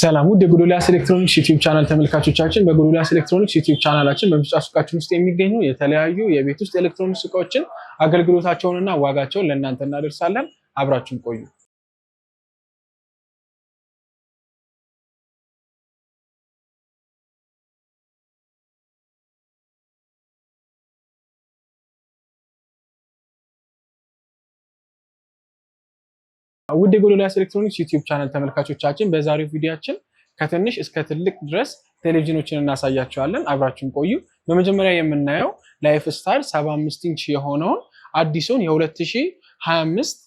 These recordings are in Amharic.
ሰላም ውድ የጎዶልያስ ኤሌክትሮኒክስ ዩቲዩብ ቻናል ተመልካቾቻችን፣ በጎዶልያስ ኤሌክትሮኒክስ ዩቲዩብ ቻናላችን በምርጫ ሱቃችን ውስጥ የሚገኙ የተለያዩ የቤት ውስጥ ኤሌክትሮኒክስ እቃዎችን አገልግሎታቸውንና ዋጋቸውን ለእናንተ እናደርሳለን። አብራችን ቆዩ። ውድ የጎዶልያስ ኤሌክትሮኒክስ ዩቲዩብ ቻናል ተመልካቾቻችን በዛሬው ቪዲዮችን ከትንሽ እስከ ትልቅ ድረስ ቴሌቪዥኖችን እናሳያቸዋለን። አብራችን ቆዩ። በመጀመሪያ የምናየው ላይፍ ስታይል 75 ኢንች የሆነውን አዲሱን የ2025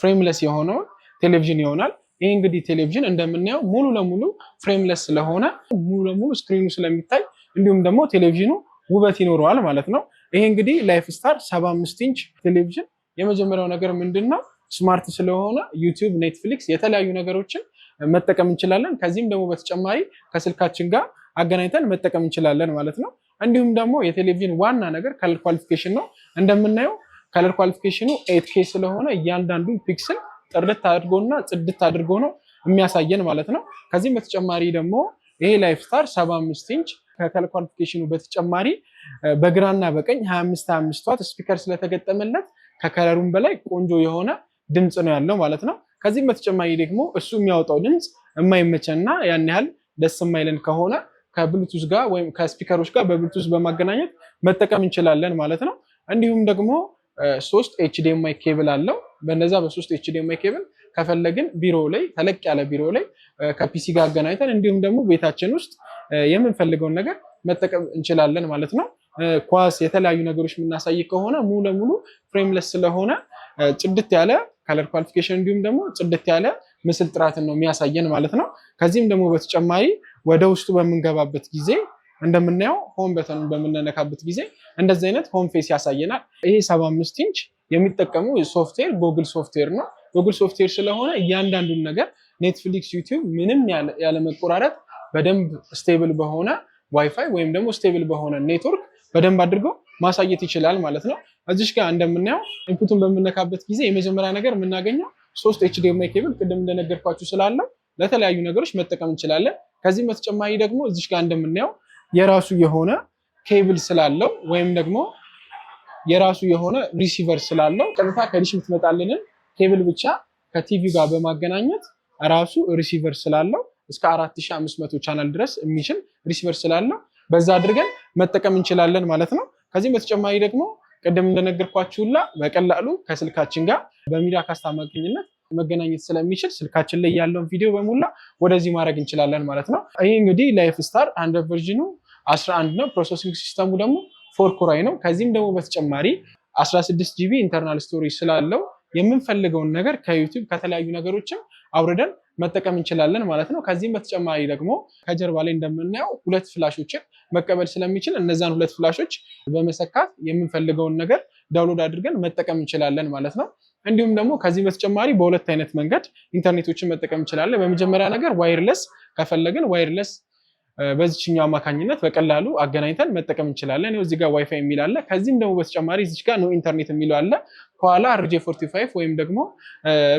ፍሬምለስ የሆነውን ቴሌቪዥን ይሆናል። ይህ እንግዲህ ቴሌቪዥን እንደምናየው ሙሉ ለሙሉ ፍሬምለስ ስለሆነ ሙሉ ለሙሉ ስክሪኑ ስለሚታይ እንዲሁም ደግሞ ቴሌቪዥኑ ውበት ይኖረዋል ማለት ነው። ይሄ እንግዲህ ላይፍ ስታር 75 ኢንች ቴሌቪዥን የመጀመሪያው ነገር ምንድን ነው? ስማርት ስለሆነ ዩቲዩብ፣ ኔትፍሊክስ የተለያዩ ነገሮችን መጠቀም እንችላለን። ከዚህም ደግሞ በተጨማሪ ከስልካችን ጋር አገናኝተን መጠቀም እንችላለን ማለት ነው። እንዲሁም ደግሞ የቴሌቪዥን ዋና ነገር ከለር ኳሊፊኬሽን ነው። እንደምናየው ከለር ኳሊፊኬሽኑ ኤት ኬ ስለሆነ እያንዳንዱ ፒክስል ጥርት አድርጎና ጽድት አድርጎ ነው የሚያሳየን ማለት ነው። ከዚህም በተጨማሪ ደግሞ ይሄ ላይፍ ስታር 75 ኢንች ከከለር ኳሊፊኬሽኑ በተጨማሪ በግራና በቀኝ 25 25 ዋት ስፒከር ስለተገጠመለት ከከለሩም በላይ ቆንጆ የሆነ ድምፅ ነው ያለው ማለት ነው። ከዚህም በተጨማሪ ደግሞ እሱ የሚያወጣው ድምፅ የማይመቸንና ያን ያህል ደስ የማይለን ከሆነ ከብሉቱስ ጋር ወይም ከስፒከሮች ጋር በብሉቱስ በማገናኘት መጠቀም እንችላለን ማለት ነው። እንዲሁም ደግሞ ሶስት ኤችዲኤምአይ ኬብል አለው። በነዛ በሶስት ኤችዲኤምአይ ኬብል ከፈለግን ቢሮ ላይ ተለቅ ያለ ቢሮ ላይ ከፒሲ ጋር አገናኝተን እንዲሁም ደግሞ ቤታችን ውስጥ የምንፈልገውን ነገር መጠቀም እንችላለን ማለት ነው። ኳስ፣ የተለያዩ ነገሮች የምናሳይ ከሆነ ሙሉ ለሙሉ ፍሬምለስ ስለሆነ ጭድት ያለ ከለር ኳሊፊኬሽን እንዲሁም ደግሞ ጽድት ያለ ምስል ጥራትን ነው የሚያሳየን ማለት ነው። ከዚህም ደግሞ በተጨማሪ ወደ ውስጡ በምንገባበት ጊዜ እንደምናየው ሆም በተኑን በምንነካበት ጊዜ እንደዚህ አይነት ሆም ፌስ ያሳየናል። ይሄ ሰባ አምስት ኢንች የሚጠቀመው ሶፍትዌር ጎግል ሶፍትዌር ነው። ጎግል ሶፍትዌር ስለሆነ እያንዳንዱን ነገር ኔትፍሊክስ፣ ዩቲዩብ ምንም ያለመቆራረጥ በደንብ ስቴብል በሆነ ዋይፋይ ወይም ደግሞ ስቴብል በሆነ ኔትወርክ በደንብ አድርገው ማሳየት ይችላል ማለት ነው። እዚሽ ጋር እንደምናየው ኢንፑቱን በምነካበት ጊዜ የመጀመሪያ ነገር የምናገኘው ሶስት ኤችዲኤምአይ ኬብል ቅድም እንደነገርኳችሁ ስላለው ለተለያዩ ነገሮች መጠቀም እንችላለን። ከዚህም በተጨማሪ ደግሞ እዚሽ ጋር እንደምናየው የራሱ የሆነ ኬብል ስላለው ወይም ደግሞ የራሱ የሆነ ሪሲቨር ስላለው ቀጥታ ከዲሽ የምትመጣልንን ኬብል ብቻ ከቲቪ ጋር በማገናኘት ራሱ ሪሲቨር ስላለው እስከ 4500 ቻናል ድረስ የሚችል ሪሲቨር ስላለው በዛ አድርገን መጠቀም እንችላለን ማለት ነው። ከዚህም በተጨማሪ ደግሞ ቅድም እንደነገርኳችሁላ በቀላሉ ከስልካችን ጋር በሚዲያ ካስት አማካኝነት መገናኘት ስለሚችል ስልካችን ላይ ያለውን ቪዲዮ በሙላ ወደዚህ ማድረግ እንችላለን ማለት ነው። ይህ እንግዲህ ላይፍ ስታር አንድሮይድ ቨርዥኑ 11 ነው። ፕሮሰሲንግ ሲስተሙ ደግሞ ፎር ኮራይ ነው። ከዚህም ደግሞ በተጨማሪ 16 ጂቢ ኢንተርናል ስቶሬጅ ስላለው የምንፈልገውን ነገር ከዩቲዩብ ከተለያዩ ነገሮችም አውርደን መጠቀም እንችላለን ማለት ነው። ከዚህም በተጨማሪ ደግሞ ከጀርባ ላይ እንደምናየው ሁለት ፍላሾችን መቀበል ስለሚችል እነዛን ሁለት ፍላሾች በመሰካት የምንፈልገውን ነገር ዳውንሎድ አድርገን መጠቀም እንችላለን ማለት ነው። እንዲሁም ደግሞ ከዚህ በተጨማሪ በሁለት አይነት መንገድ ኢንተርኔቶችን መጠቀም እንችላለን። በመጀመሪያ ነገር ዋይርለስ ከፈለግን ዋይርለስ በዚችኛው አማካኝነት በቀላሉ አገናኝተን መጠቀም እንችላለን። ይኸው እዚህ ጋር ዋይፋይ የሚል አለ። ከዚህም ደግሞ በተጨማሪ እዚች ጋር ነው ኢንተርኔት የሚለው አለ። ከኋላ አርጄ ፎርቲ ፋይቭ ወይም ደግሞ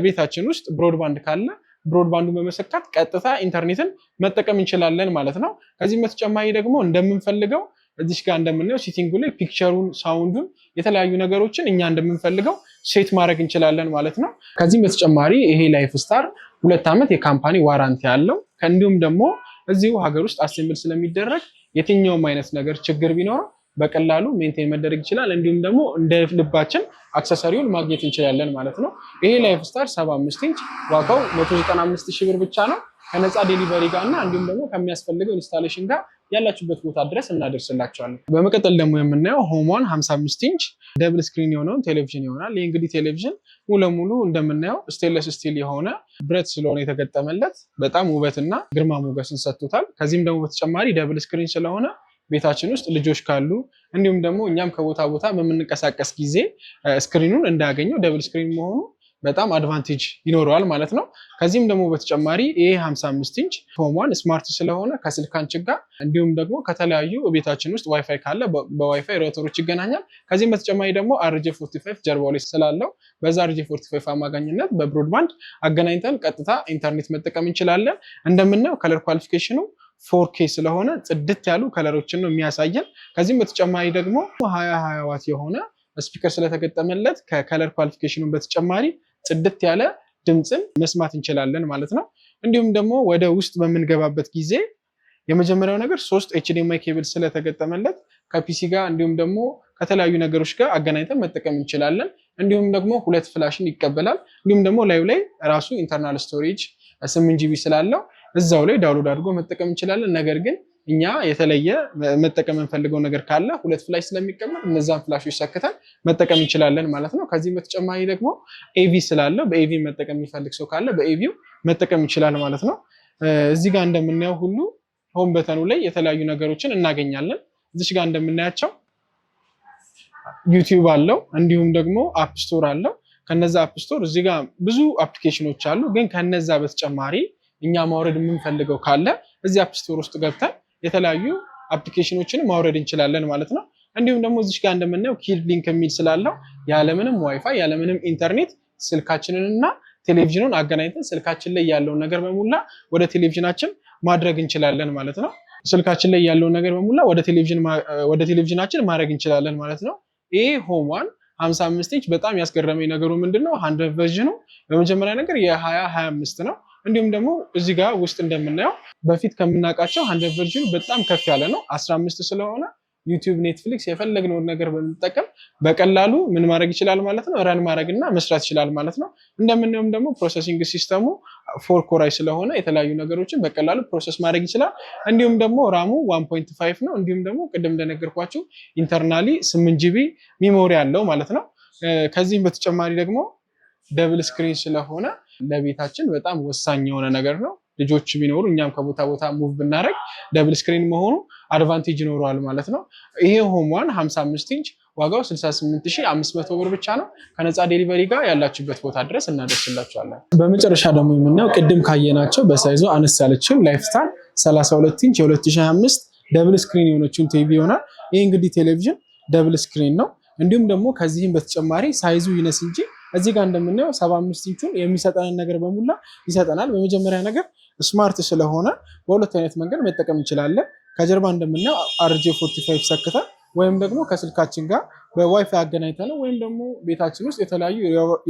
ቤታችን ውስጥ ብሮድባንድ ካለ ብሮድባንዱን በመሰካት ቀጥታ ኢንተርኔትን መጠቀም እንችላለን ማለት ነው። ከዚህም በተጨማሪ ደግሞ እንደምንፈልገው እዚህ ጋር እንደምናየው ሴቲንጉ ላይ ፒክቸሩን፣ ሳውንዱን፣ የተለያዩ ነገሮችን እኛ እንደምንፈልገው ሴት ማድረግ እንችላለን ማለት ነው። ከዚህም በተጨማሪ ይሄ ላይፍ ስታር ሁለት ዓመት የካምፓኒ ዋራንቲ አለው። እንዲሁም ደግሞ እዚሁ ሀገር ውስጥ አሴምብል ስለሚደረግ የትኛውም አይነት ነገር ችግር ቢኖረው በቀላሉ ሜንቴን መደረግ ይችላል። እንዲሁም ደግሞ እንደ ልባችን አክሰሰሪውን ማግኘት እንችላለን ማለት ነው። ይሄ ላይፍ ስታር 75 ኢንች ዋጋው 195 ሺህ ብር ብቻ ነው ከነፃ ዴሊቨሪ ጋር እና እንዲሁም ደግሞ ከሚያስፈልገው ኢንስታሌሽን ጋር ያላችሁበት ቦታ ድረስ እናደርስላቸዋለን። በመቀጠል ደግሞ የምናየው ሆሟን 55 ኢንች ደብል ስክሪን የሆነውን ቴሌቪዥን ይሆናል። ይህ እንግዲህ ቴሌቪዥን ሙሉ ለሙሉ እንደምናየው ስቴንለስ ስቲል የሆነ ብረት ስለሆነ የተገጠመለት በጣም ውበትና ግርማ ሞገስን ሰጥቶታል። ከዚህም ደግሞ በተጨማሪ ደብል ስክሪን ስለሆነ ቤታችን ውስጥ ልጆች ካሉ እንዲሁም ደግሞ እኛም ከቦታ ቦታ በምንቀሳቀስ ጊዜ ስክሪኑን እንዳያገኘው ደብል ስክሪን መሆኑ በጣም አድቫንቴጅ ይኖረዋል ማለት ነው። ከዚህም ደግሞ በተጨማሪ ይሄ 55 ኢንች ሆሟን ስማርት ስለሆነ ከስልካችን ጋር እንዲሁም ደግሞ ከተለያዩ ቤታችን ውስጥ ዋይፋይ ካለ በዋይፋይ ሮተሮች ይገናኛል። ከዚህም በተጨማሪ ደግሞ አርጄ 45 ጀርባው ላይ ስላለው በዛ አርጄ 45 አማካኝነት በብሮድባንድ አገናኝተን ቀጥታ ኢንተርኔት መጠቀም እንችላለን። እንደምናየው ከለር ኳሊፊኬሽኑ ፎር ኬ ስለሆነ ጽድት ያሉ ከለሮችን ነው የሚያሳየን። ከዚህም በተጨማሪ ደግሞ ሀያ ሀያ ዋት የሆነ ስፒከር ስለተገጠመለት ከከለር ኳሊፊኬሽኑን በተጨማሪ ጽድት ያለ ድምፅን መስማት እንችላለን ማለት ነው። እንዲሁም ደግሞ ወደ ውስጥ በምንገባበት ጊዜ የመጀመሪያው ነገር ሶስት ኤችዲማይ ኬብል ስለተገጠመለት ከፒሲ ጋር እንዲሁም ደግሞ ከተለያዩ ነገሮች ጋር አገናኝተን መጠቀም እንችላለን። እንዲሁም ደግሞ ሁለት ፍላሽን ይቀበላል። እንዲሁም ደግሞ ላዩ ላይ ራሱ ኢንተርናል ስቶሬጅ ስምንት ጂቢ ስላለው እዛው ላይ ዳውንሎድ አድርጎ መጠቀም እንችላለን። ነገር ግን እኛ የተለየ መጠቀም የምንፈልገው ነገር ካለ ሁለት ፍላሽ ስለሚቀመጥ እነዛን ፍላሾች ሰክተን መጠቀም እንችላለን ማለት ነው። ከዚህም በተጨማሪ ደግሞ ኤቪ ስላለው በኤቪ መጠቀም የሚፈልግ ሰው ካለ በኤቪው መጠቀም ይችላል ማለት ነው። እዚህ ጋር እንደምናየው ሁሉ ሆም በተኑ ላይ የተለያዩ ነገሮችን እናገኛለን። እዚች ጋር እንደምናያቸው ዩቲዩብ አለው፣ እንዲሁም ደግሞ አፕስቶር አለው። ከነዛ አፕስቶር እዚጋ እዚህ ጋር ብዙ አፕሊኬሽኖች አሉ። ግን ከነዛ በተጨማሪ እኛ ማውረድ የምንፈልገው ካለ እዚህ አፕ ስቶር ውስጥ ገብተን የተለያዩ አፕሊኬሽኖችን ማውረድ እንችላለን ማለት ነው። እንዲሁም ደግሞ እዚች ጋር እንደምናየው ኪድ ሊንክ የሚል ስላለው ያለምንም ዋይፋይ ያለምንም ኢንተርኔት ስልካችንን እና ቴሌቪዥኑን አገናኝተን ስልካችን ላይ ያለውን ነገር በሙላ ወደ ቴሌቪዥናችን ማድረግ እንችላለን ማለት ነው። ስልካችን ላይ ያለውን ነገር በሙላ ወደ ቴሌቪዥናችን ማድረግ እንችላለን ማለት ነው። ይሄ ሆም ዋን 55 ኢንች በጣም ያስገረመኝ ነገሩ ምንድን ነው? ሃንድረድ ቨርዥኑ በመጀመሪያ ነገር የ2025 ነው። እንዲሁም ደግሞ እዚህ ጋር ውስጥ እንደምናየው በፊት ከምናውቃቸው ሀንድረድ ቨርዥን በጣም ከፍ ያለ ነው። አምስት ስለሆነ ዩቲዩብ፣ ኔትፍሊክስ የፈለግነውን ነገር በመጠቀም በቀላሉ ምን ማድረግ ይችላል ማለት ነው፣ ረን ማድረግ እና መስራት ይችላል ማለት ነው። እንደምናየውም ደግሞ ፕሮሰሲንግ ሲስተሙ ፎር ኮራይ ስለሆነ የተለያዩ ነገሮችን በቀላሉ ፕሮሰስ ማድረግ ይችላል። እንዲሁም ደግሞ ራሙ ዋን ፖይንት ፋይቭ ነው። እንዲሁም ደግሞ ቅድም እንደነገርኳችሁ ኢንተርናሊ ስምንት ጂቢ ሚሞሪ አለው ማለት ነው። ከዚህም በተጨማሪ ደግሞ ደብል ስክሪን ስለሆነ ለቤታችን በጣም ወሳኝ የሆነ ነገር ነው። ልጆች ቢኖሩ እኛም ከቦታ ቦታ ሙቭ ብናደረግ ደብል ስክሪን መሆኑ አድቫንቴጅ ይኖረዋል ማለት ነው። ይሄ ሆሟን 55 ኢንች ዋጋው 68500 ብር ብቻ ነው። ከነፃ ዴሊቨሪ ጋር ያላችሁበት ቦታ ድረስ እናደርስላችኋለን። በመጨረሻ ደግሞ የምናየው ቅድም ካየናቸው በሳይዞ አነስ ያለችው ላይፍስታል 32 ኢንች የ2025 ደብል ስክሪን የሆነችውን ቲቪ ይሆናል። ይህ እንግዲህ ቴሌቪዥን ደብል ስክሪን ነው። እንዲሁም ደግሞ ከዚህም በተጨማሪ ሳይዙ ይነስ እንጂ እዚህ ጋር እንደምናየው ሰባ አምስት ኢንቹን የሚሰጠንን ነገር በሙላ ይሰጠናል። በመጀመሪያ ነገር ስማርት ስለሆነ በሁለት አይነት መንገድ መጠቀም እንችላለን። ከጀርባ እንደምናየው አርጄ ፎርቲ ፋይቭ ሰክተን ወይም ደግሞ ከስልካችን ጋር በዋይፋይ አገናኝተን ወይም ደግሞ ቤታችን ውስጥ የተለያዩ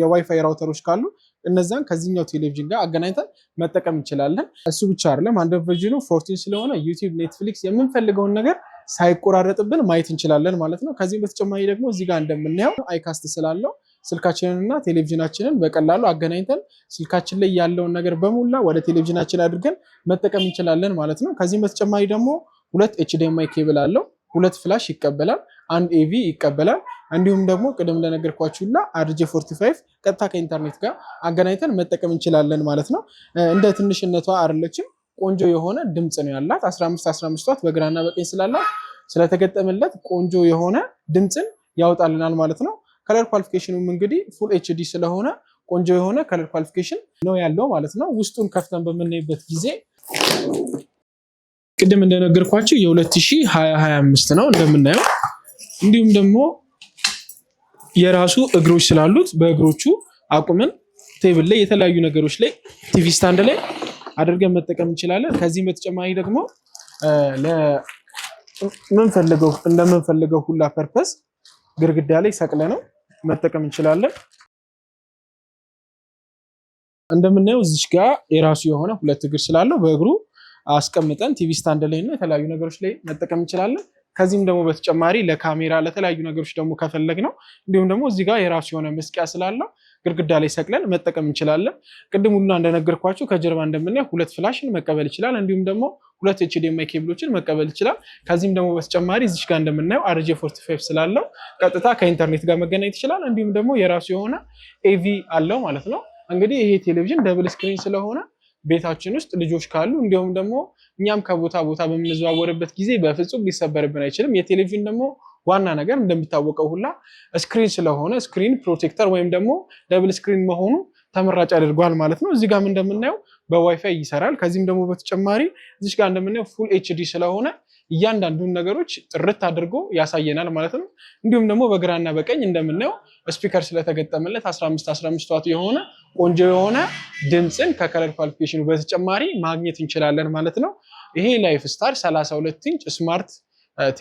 የዋይፋይ ራውተሮች ካሉ እነዛን ከዚህኛው ቴሌቪዥን ጋር አገናኝተን መጠቀም እንችላለን። እሱ ብቻ አይደለም፣ አንድሮይድ ቨርዥኑ ፎርቲን ስለሆነ ዩቲዩብ፣ ኔትፍሊክስ የምንፈልገውን ነገር ሳይቆራረጥብን ማየት እንችላለን ማለት ነው። ከዚህም በተጨማሪ ደግሞ እዚህ ጋር እንደምናየው አይካስት ስላለው ስልካችንን እና ቴሌቪዥናችንን በቀላሉ አገናኝተን ስልካችን ላይ ያለውን ነገር በሙላ ወደ ቴሌቪዥናችን አድርገን መጠቀም እንችላለን ማለት ነው። ከዚህም በተጨማሪ ደግሞ ሁለት ኤችዲኤምአይ ኬብል አለው። ሁለት ፍላሽ ይቀበላል። አንድ ኤቪ ይቀበላል። እንዲሁም ደግሞ ቅድም ለነገርኳችሁ አርጄ ፎርቲ ፋይቭ ቀጥታ ከኢንተርኔት ጋር አገናኝተን መጠቀም እንችላለን ማለት ነው። እንደ ትንሽነቷ አይደለችም፣ ቆንጆ የሆነ ድምፅ ነው ያላት። 15 15 ዋት በግራና በቀኝ ስላላት ስለተገጠመለት ቆንጆ የሆነ ድምፅን ያወጣልናል ማለት ነው። ከለር ኳሊፊኬሽኑም እንግዲህ ፉል ኤችዲ ስለሆነ ቆንጆ የሆነ ከለር ኳሊፊኬሽን ነው ያለው ማለት ነው። ውስጡን ከፍተን በምናይበት ጊዜ ቅድም እንደነገርኳቸው የ2025 ነው እንደምናየው። እንዲሁም ደግሞ የራሱ እግሮች ስላሉት በእግሮቹ አቁመን ቴብል ላይ የተለያዩ ነገሮች ላይ ቲቪ ስታንድ ላይ አድርገን መጠቀም እንችላለን። ከዚህም በተጨማሪ ደግሞ ለምንፈልገው እንደምንፈልገው ሁላ ፐርፐስ ግርግዳ ላይ ሰቅለ ነው መጠቀም እንችላለን። እንደምናየው እዚች ጋር የራሱ የሆነ ሁለት እግር ስላለው በእግሩ አስቀምጠን ቲቪ ስታንድ ላይ እና የተለያዩ ነገሮች ላይ መጠቀም እንችላለን። ከዚህም ደግሞ በተጨማሪ ለካሜራ ለተለያዩ ነገሮች ደግሞ ከፈለግ ነው። እንዲሁም ደግሞ እዚህ ጋር የራሱ የሆነ መስቂያ ስላለው ግድግዳ ላይ ሰቅለን መጠቀም እንችላለን። ቅድም ሁሉና እንደነገርኳችሁ ከጀርባ እንደምናየው ሁለት ፍላሽን መቀበል ይችላል። እንዲሁም ደግሞ ሁለት ኤችዲኤምአይ ኬብሎችን መቀበል ይችላል። ከዚህም ደግሞ በተጨማሪ እዚች ጋር እንደምናየው አርጄ ፎርቲ ፋይቭ ስላለው ቀጥታ ከኢንተርኔት ጋር መገናኘት ይችላል። እንዲሁም ደግሞ የራሱ የሆነ ኤቪ አለው ማለት ነው። እንግዲህ ይሄ ቴሌቪዥን ደብል ስክሪን ስለሆነ ቤታችን ውስጥ ልጆች ካሉ እንዲሁም ደግሞ እኛም ከቦታ ቦታ በምንዘዋወርበት ጊዜ በፍጹም ሊሰበርብን አይችልም። የቴሌቪዥን ደግሞ ዋና ነገር እንደሚታወቀው ሁላ ስክሪን ስለሆነ ስክሪን ፕሮቴክተር ወይም ደግሞ ደብል ስክሪን መሆኑ ተመራጭ ያደርገዋል ማለት ነው። እዚህ ጋም እንደምናየው በዋይፋይ ይሰራል። ከዚህም ደግሞ በተጨማሪ እዚህ ጋር እንደምናየው ፉል ኤችዲ ስለሆነ እያንዳንዱን ነገሮች ጥርት አድርጎ ያሳየናል ማለት ነው። እንዲሁም ደግሞ በግራና በቀኝ እንደምናየው ስፒከር ስለተገጠመለት 15 15 ዋት የሆነ ቆንጆ የሆነ ድምፅን ከከለር ኳሊፊኬሽኑ በተጨማሪ ማግኘት እንችላለን ማለት ነው። ይሄ ላይፍ ስታር 32 ኢንች ስማርት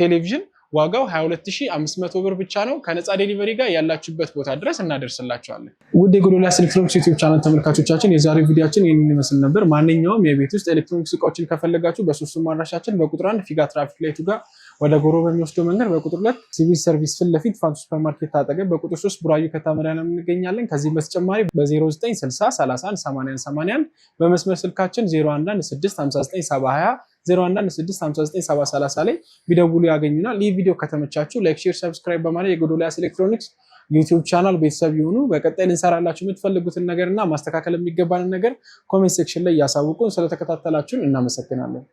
ቴሌቪዥን ዋጋው 22500 ብር ብቻ ነው። ከነፃ ዴሊቨሪ ጋር ያላችሁበት ቦታ ድረስ እናደርስላችኋለን። ውድ የጎዶልያስ ኤሌክትሮኒክስ ዩቲዩብ ቻናል ተመልካቾቻችን የዛሬው ቪዲዮችን ይህንን ይመስል ነበር። ማንኛውም የቤት ውስጥ ኤሌክትሮኒክስ እቃዎችን ከፈለጋችሁ በሶስቱም አድራሻችን በቁጥር አንድ ፊጋ ትራፊክ ላይቱ ጋር ወደ ጎሮ በሚወስደው መንገድ በቁጥር ሁለት ሲቪል ሰርቪስ ፊት ለፊት ፋንቱ ሱፐርማርኬት አጠገብ በቁጥር ሶስት ቡራዩ ከታመዳለም እንገኛለን። ከዚህም በተጨማሪ በ0960 31 81 በመስመር ስልካችን 011 011659730 ላይ ቢደውሉ ያገኙናል። ይህ ቪዲዮ ከተመቻችሁ ላይክ፣ ሼር፣ ሰብስክራይብ በማድረግ የጎዶልያስ ኤሌክትሮኒክስ ዩቲዩብ ቻናል ቤተሰብ የሆኑ በቀጣይ ልንሰራላችሁ የምትፈልጉትን ነገር እና ማስተካከል የሚገባንን ነገር ኮሜንት ሴክሽን ላይ እያሳውቁን። ስለተከታተላችሁን እናመሰግናለን።